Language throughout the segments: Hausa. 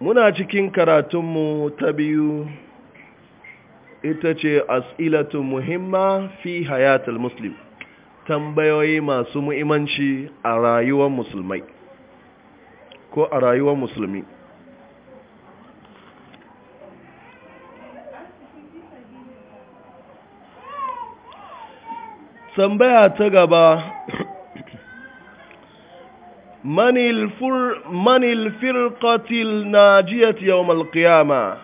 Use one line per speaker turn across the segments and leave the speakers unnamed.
muna cikin karatunmu ta biyu ita ce as'ilatu muhimma fi hayatul muslim tambayoyi masu mu'imanci a rayuwar musulmai ko a rayuwar musulmi tambaya ta gaba من, الفر من الفرقة الناجية يوم القيامة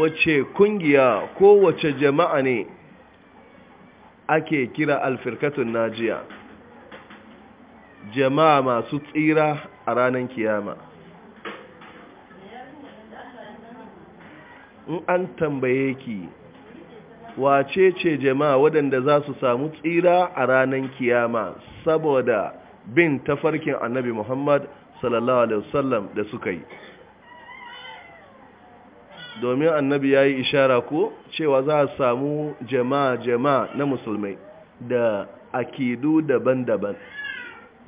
wace ƙungiya ko wace jama'a ne ake kira alfirkatun najiya jama'a masu tsira a ranar kiyama in an tambaye ki wace ce jama'a waɗanda za su samu tsira a ranar kiyama saboda bin tafarkin annabi Muhammad sallallahu alaihi wasallam da suka yi domin annabi ya yi ishara ko cewa za a samu jama'a-jama'a na musulmai da akidu daban-daban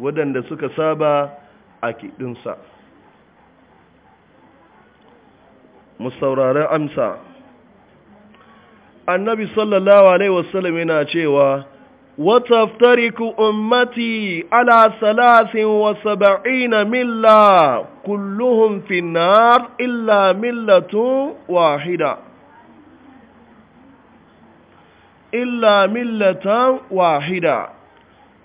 waɗanda suka saba akidunsa musauraren amsa annabi sallallahu alaihi wasallam yana cewa وتفترك أمتي على ثلاث وسبعين ملة كلهم في النار إلا ملة واحدة إلا ملة واحدة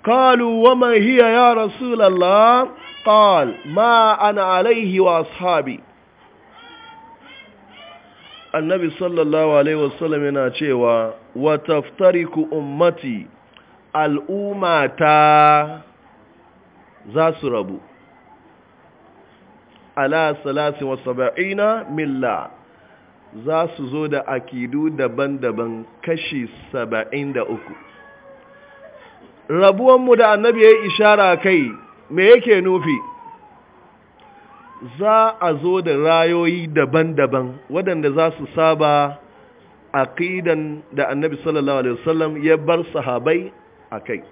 قالوا وما هي يا رسول الله قال ما أنا عليه وأصحابي النبي صلى الله عليه وسلم يناتي وتفترك أمتي al'ummata za su rabu ala salasin wasaba'ina milla za su zo da akidu daban-daban kashi saba'in da uku rabuwanmu da annabi ya yi ishara kai me yake nufi za a zo da rayoyi daban-daban waɗanda za su saba aqidan da annabi sallallahu alaihi wasallam ya bar sahabai a kai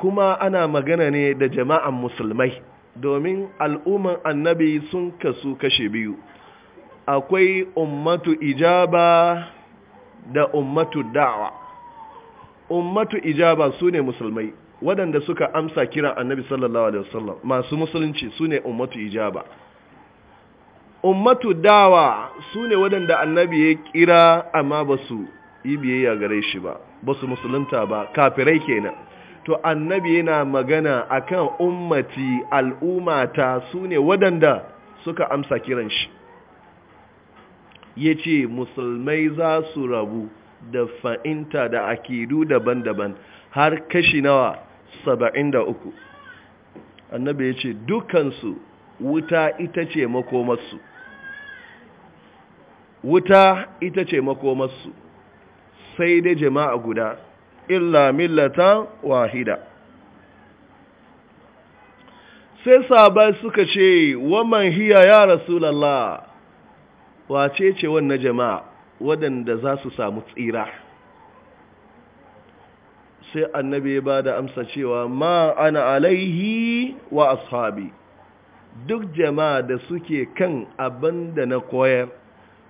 kuma ana magana ne da jama'an musulmai domin al'umman annabi sun kasu kashe biyu akwai ummatu ijaba da ummatu da'wa ummatu ijaba su ne musulmai waɗanda suka amsa kiran annabi sallallahu alaihi wasallam masu musulunci su ne ummatu ijaba ummatu dawa su ne waɗanda annabi ya kira amma ba su yi biyayya gare shi ba ba su musulunta ba kafirai kenan to annabi yana magana akan ummati al'umata su ne waɗanda suka amsa kiran shi ya ce musulmai za su rabu da fa'inta da akidu daban-daban har kashi nawa saba'in da uku annabi ya ce dukansu wuta ita ce makomarsu wuta ita ce makomarsu sai dai jama'a guda illa millata wahida sai sabai suka ce waman hiya ya rasulallah wace ce wannan jama'a waɗanda za su samu tsira sai annabi ya ba da amsa cewa ma ana alaihi wa ashabi duk jama'a da suke kan abinda na koyar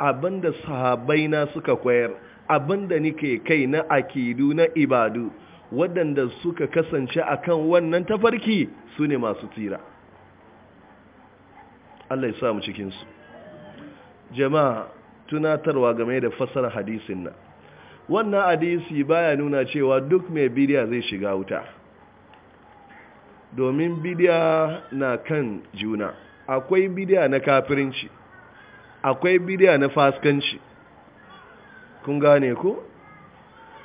abinda da sahabaina suka koyar abinda nike kai na akidu na ibadu waɗanda suka kasance akan wannan tafarki su ne masu tsira Allah ya samu cikinsu jama'a tunatarwa game da fasar hadisin nan wannan hadisi baya nuna cewa duk mai bidiya zai shiga wuta domin bidiya na kan juna akwai bidiya na kafirinci akwai bidiya na faskanci kun gane ko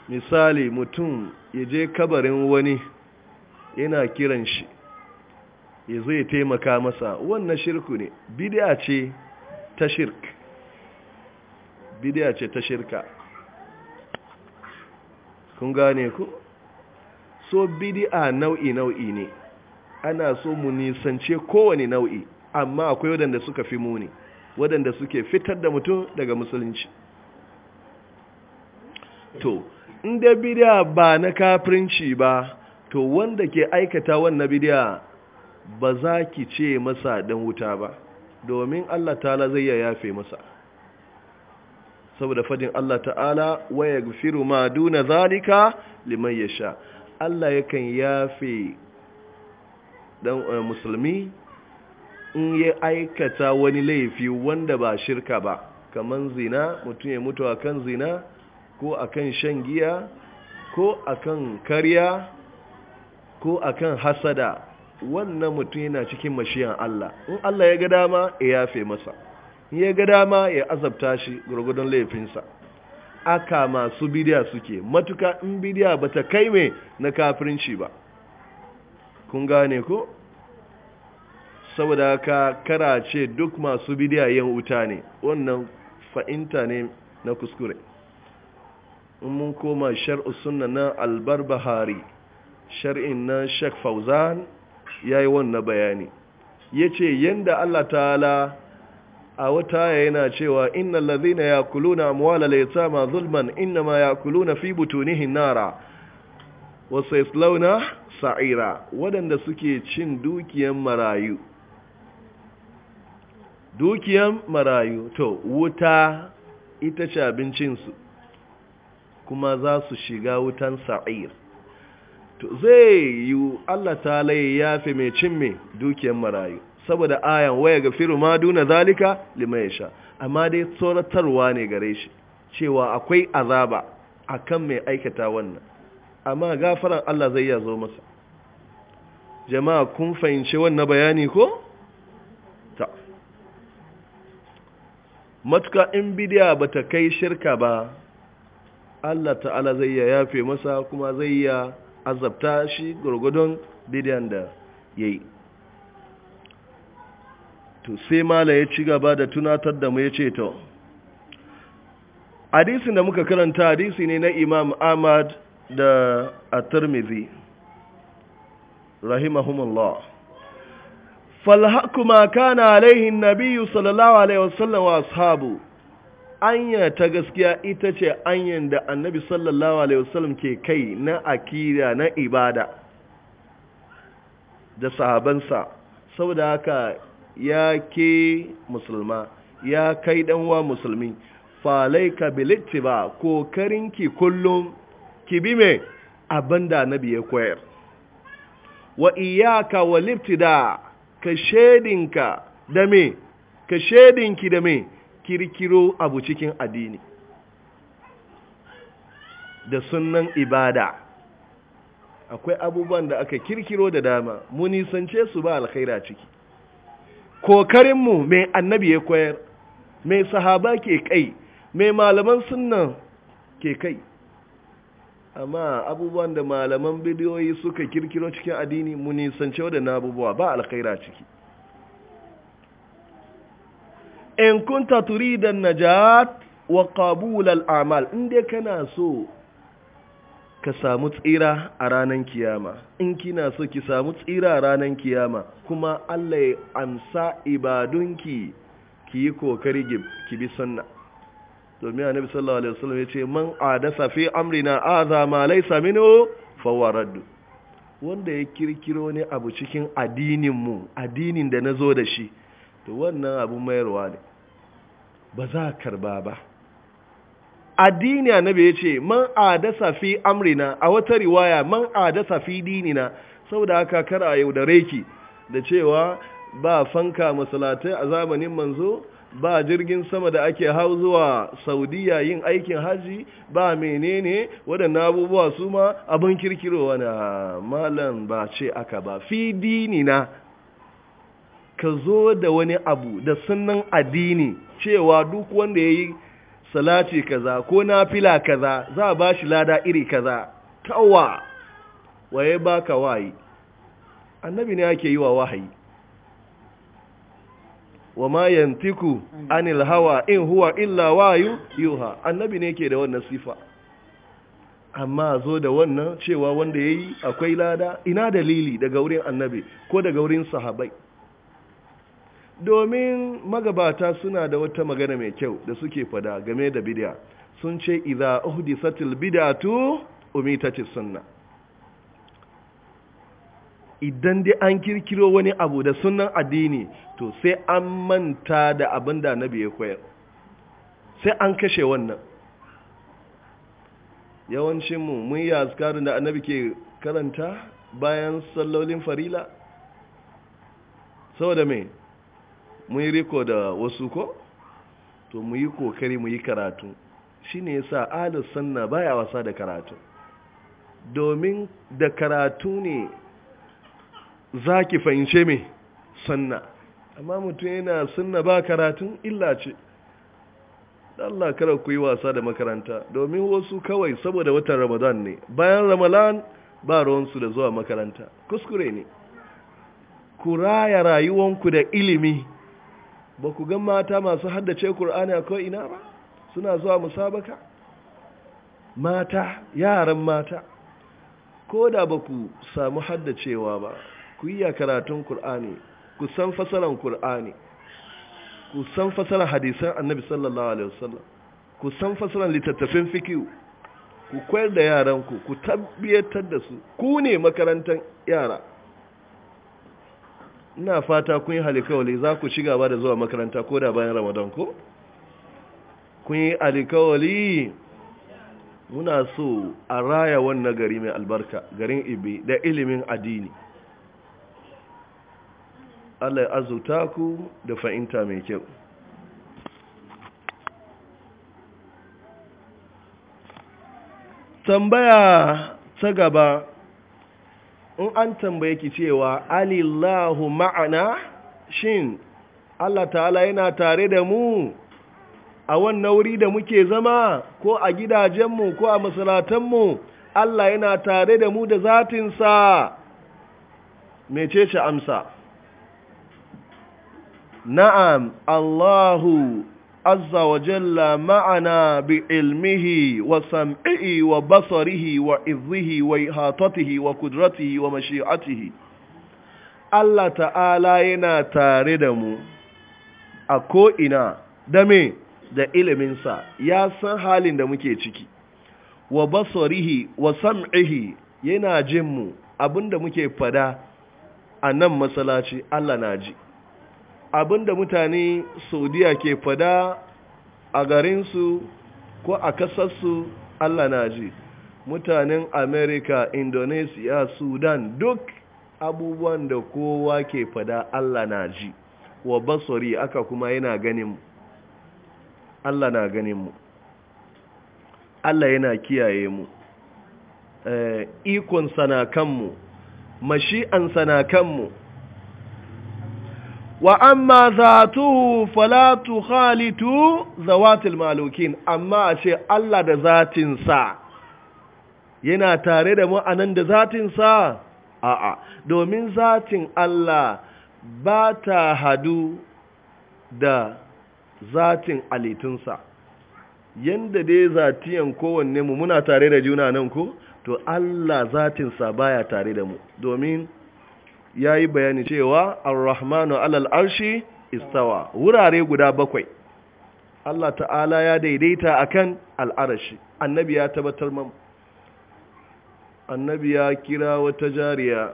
misali mutum ya je kabarin wani yana kiran shi ya zai taimaka masa wannan shirku ne bidiya ce ta shirk bidiya ce ta shirka kun gane ku so bidiya nau'i nau'i ne ana so mu nisance kowane nau'i amma akwai wadanda suka fi muni waɗanda suke fitar da mutum daga musulunci to in dai bidiya ba na kafirinci ba to wanda ke aikata wannan bidiya ba za ki ce masa dan wuta ba domin Allah ta'ala zai ya yafe masa saboda fadin Allah ta'ala waya gafiru ma duna zalika liman sha Allah yakan yafe dan uh, musulmi in ya aikata wani laifi wanda ba shirka ba kaman zina mutum ya mutu akan zina ko akan shan giya ko akan karya ko akan hasada wannan mutum yana cikin mashiyan Allah in Allah ya ga dama ya yafe masa in ya ga dama ya azabta shi gurgudun laifinsa aka masu bidiya suke matuka in bidiya bata kai mai na kafirinci ba kun gane ko saboda kara karace duk masu bidiya yan wuta ne wannan fa'inta ne na kuskure in mun koma shar'u suna na albar bahari shar'in na shek fauzan ya yi wannan bayani ya ce yadda allah ta'ala a wata yana cewa inna lazina ya kulu na amwala laita ma zulman inna ma ya kulu na fi butunihin nara wasu islauna sa'ira waɗanda suke cin dukiyan marayu dukiyan marayu to wuta ita ce abincinsu kuma za su shiga wutan sa'ir to zai yi Allah ta laye ya fi mai cin mai dukiyar marayu saboda ayan waya ga firu ma duna zalika lima ya sha amma dai tsoratarwa ne gare shi cewa akwai azaba akan mai aikata wannan amma gafaran Allah zai yazo zo masa jama'a kun fahimci wannan bayani ko matuka in bidiya ta kai shirka ba Allah ta'ala zai ya yafe masa kuma zai ya azabta shi gurgudun didiyan da ya yi to sai mala ya ci gaba da tunatar da mu ya ce to hadisin da muka karanta hadisi ne na imam ahmad da at-tirmidhi rahimahumullah falhaqu ma kana alaihin an sallallahu alaihi wasallam wa ashabu anya ta gaskiya ita ce anyan da annabi sallallahu alaihi wasallam ke kai na akida na ibada da sahabansa saboda haka ya ke musulma ya kai danwa musulmi falaika bilitti ba kokarinki kullum ki bi mai abin da annabi ya koyar wa iyaka wa liftida ka shedinka da me ka shedinki da me kirkiro abu cikin addini da sunan ibada akwai abubuwan da aka kirkiro da dama mu nisance su ba alkhaira ciki kokarinmu mai annabi ya koyar mai sahaba ke kai mai malaman sunan ke kai amma abubuwan da malaman bidiyoyi suka kirkiro cikin addini mu nisance waɗannan abubuwa ba alkhaira ciki in kunta turidan najat wa Qabul'al al'amal inda kana so ka samu tsira a ranar kiyama in kina so ki samu tsira a ranar kiyama kuma Allah ya amsa ibadunki ki yi kokari ki bi sunna domin annabi sallallahu alaihi wasallam yace man adasa fi amrina aza ma laysa minhu fawarad wanda ya kirkiro ne abu cikin addinin mu addinin da nazo da shi to wannan abu mayarwa ne ba za a karba ba addini annabi ya ce man adasa fi amrina a wata riwaya man adasa fi dinina saboda haka kara a yaudare ki da cewa ba fanka masalatai a zamanin manzo ba jirgin sama da ake hau zuwa saudiya yin aikin haji ba menene waɗannan abubuwa su ma abin kirkirowa na malam ba ce aka ba fi dinina ka zo da wani abu da sunan addini cewa duk wanda ya yi salati kaza ko nafila kaza za a ba shi lada iri kaza tawa waye ba ka wayi annabi ne ake yi wa wahayi wa ma yantiku anil hawa in huwa illa wayu yuha annabi ne ke da wannan sifa amma zo da wannan cewa wanda ya yi akwai lada ina dalili daga wurin annabi ko daga wurin sahabai domin magabata suna da wata magana mai kyau da suke fada game da bid'a sun ce idza uhdisatil bid'atu umitatis sunna idan dai an kirkiro wani abu da sunan addini to sai an manta da abin da annabi ya koyar sai an kashe wannan yawancin mu mun yi azkarin da annabi ke karanta bayan sallolin farila saboda mai mun yi riko da wasu ko to mu yi kokari mu yi karatu shi ne yasa sanna ba baya wasa da karatu domin da karatu ne za ki fahimce mai sanna. amma mutum yana sunna ba karatun illa ce Allah kada ku yi wasa da makaranta domin wasu kawai saboda watan Ramadan ne bayan Ramadan ba ruwansu da zuwa makaranta kuskure ne ku raya rayuwanku da ilimi ba ku gan mata masu haddace Kur'ani a ko'ina ba suna zuwa musabaka mata yaran mata ko da ba ku samu haddacewa ba ku yi ya karatun ƙur'ani ku san fasaran Kur'ani ku san fasaran hadisan annabi sallallahu alaihi wasallam ku san fasaran littattafin fikiyu ku koyar da yaranku ku tabbatar da su ku ne makarantar yara ina fata kun yi halikawali za ku ci gaba da zuwa makaranta ko da bayan ramadan ko kun yi halikawali muna so a raya wannan gari mai albarka garin ibi da ilimin addini allah ya azuta ku da fahimta mai kyau tambaya ta gaba in an tambaye ki cewa alillahu ma'ana shin Allah ta'ala yana tare da mu a wannan wuri da muke zama ko a gidajenmu ko a masalatanmu Allah yana tare da mu da zatinsa mece ce amsa na'am Allahu azza wa jalla ma'ana bi ilmihi wa sam'ihi wa basarihi wa izzihi wa ihatatihi wa kudratihi wa mashi'atihi Allah ta'ala yana tare da mu a ko'ina da me da iliminsa ya san halin da muke ciki wa basarihi wa sam'ihi yana jin mu abinda muke fada a nan masalaci Allah na ji abinda mutane saudiya ke fada a garinsu ko a kasarsu allah na ji mutanen america indonesia sudan duk abubuwan da kowa ke fada allah na ji wa basori aka kuma yana ganin allah na ganin mu allah yana kiyaye mu eh, ikon na kanmu mashi'an na kanmu wa amma zatuhu halitu tukhalitu zawatil malukin amma a ce Allah da zatinsa yana tare da mu anan da zatinsa a'a domin zatin Allah ba ta hadu da zatin alitunsa yanda dai zatiyan kowanne mu muna tare da juna nan ko to Allah zatinsa baya tare da mu domin ya yi bayani cewa ar-rahmanu alal arshi istawa wurare guda bakwai Allah ta'ala ya daidaita akan al'arashi annabi ya tabbatar mamu annabi ya kira wata jariya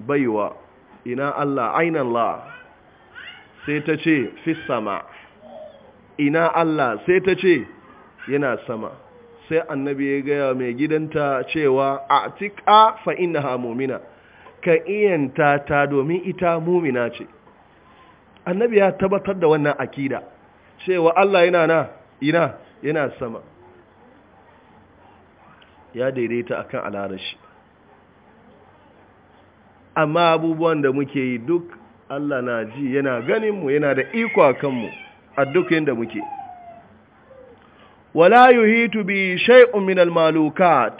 baiwa ina Allah la sai ta ce fi sama ina Allah sai ta ce yana sama sai annabi ya gaya mai gidanta cewa a tika fa'in na hamomina ka iyanta ta domin ita mumina ce annabi ya tabbatar da wannan akida cewa Allah yana na ina yana sama ya daidaita akan alarashi amma abubuwan da muke yi duk Allah na ji yana ganinmu yana da iko a kanmu a duk yadda muke wala yuhitu bi shay'un min al-malukat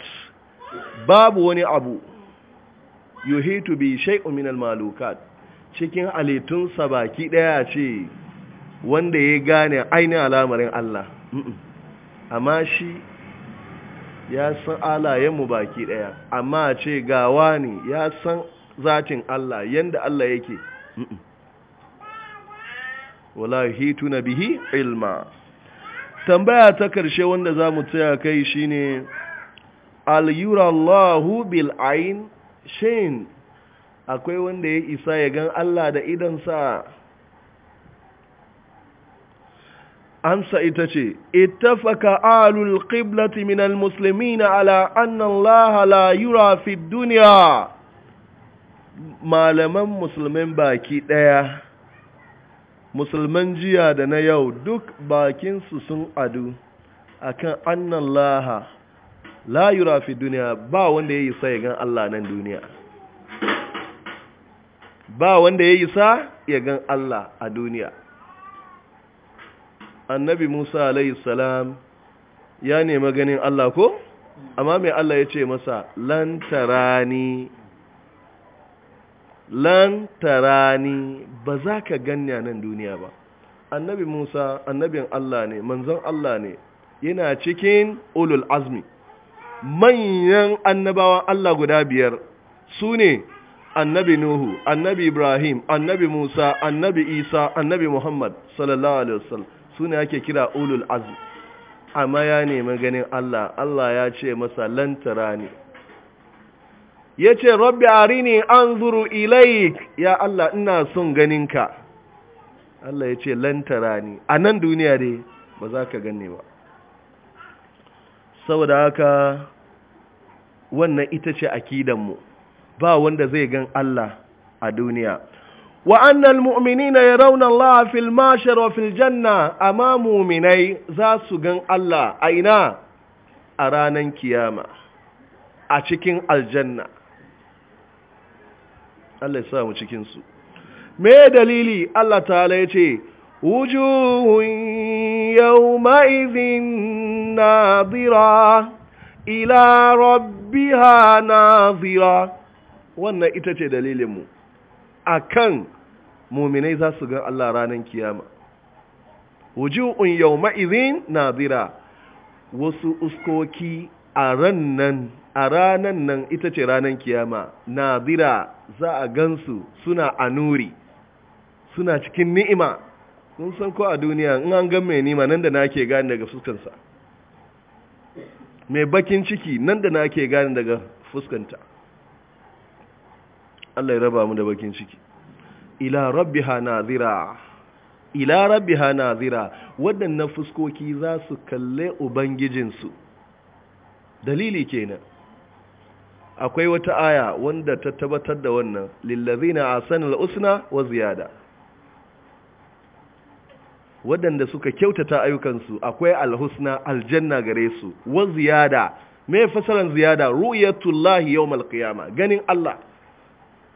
babu wani abu yuhitu bi shay'un min al-malukat cikin alitun sabaki daya ce wanda ya gane ainihin alamarin Allah amma shi ya san alayenmu baki daya amma ce gawa ne ya san zatin Allah yanda Allah yake wala hitu na bihi ilma tambaya ta karshe wanda zamu tsaya kai shine al yura Allahu bil ain shin akwai wanda ya isa ya gan Allah da idansa Ansa ita ce ittafaka alul qiblati min almuslimina ala anna Allah la yura fi dunya malaman musulmin baki daya musulman jiya da na yau duk bakin su sun adu akan annallaha Allah la yura fi duniya ba wanda ya sa ya gan Allah nan duniya ba wanda ya sa ya gan Allah a duniya annabi Musa alayhi salam ya nemi ganin Allah ko amma mai Allah ya ce masa lantarani lantarani ba za ka ganya nan duniya ba annabi Musa annabin Allah ne manzon Allah ne yana cikin ulul azmi manyan annabawan Allah guda biyar su ne annabi Nuhu, annabi Ibrahim, annabi Musa, annabi Isa, annabi Muhammad sallallahu Alaihi wasallam su ne ake kira ulul azm. Amma ya nemi ganin Allah, Allah ya ce masa lantara ne. Ya ce, Rabbi arini an zuru ilaik, ya Allah ina son ganinka. Allah ya ce lantara ne, a nan duniya dai ba za ka gane ba. saboda haka wannan ita ce akidanmu ba wanda zai gan Allah a duniya wa annal mu'minina yarawna Allah fil mashar wa fil janna amma mu'minai za su gan Allah a ina a ranan kiyama a cikin aljanna Allah ya sa mu cikin su me dalili Allah ta'ala yace wujuhun yawma idhin nadira ila rabbiha nadira wannan ita ce dalilinmu akan muminai za su ga Allah ranar kiyama wujuhun yawma idhin nadira wasu uskoki a rannan a ranan nan ita ce ranan kiyama nadira za a gansu suna a nuri suna cikin ni'ima kun san ko a duniya in an gan mai nima nan da nake gane daga fuskansa mai bakin ciki nan da na ke gane daga fuskanta Allah ya raba mu da bakin ciki ila rabbiha nazira ila rabbiha nazira waɗannan fuskoki za su kalle ubangijinsu dalili kenan akwai wata aya wanda ta tabbatar da wannan lillazina asanul usna wa ziyada waɗanda suka kyautata ayyukansu akwai alhusna aljanna gare su wa ziyada me fasalan ziyada ru'yatullahi yawmal qiyama ganin Allah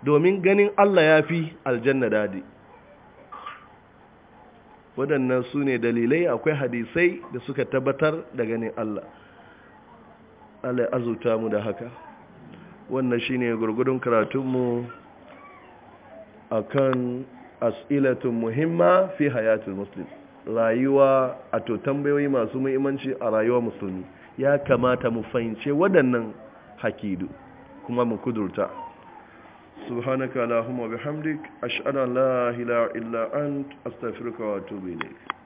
domin ganin Allah ya fi aljanna dadi waɗannan su ne dalilai akwai hadisai da suka tabbatar da ganin Allah Allah ya azuta mu da haka wannan shine gurgudun karatunmu akan as'ilatun muhimma fi hayatul muslim rayuwa a to tambayoyi masu muhimmanci a rayuwa musulmi ya kamata mu fahimce waɗannan hakidu kuma mu kudurta subhanaka allahumma bihamdik ashhadu an la ilaha illa ant astaghfiruka wa atubu ilayk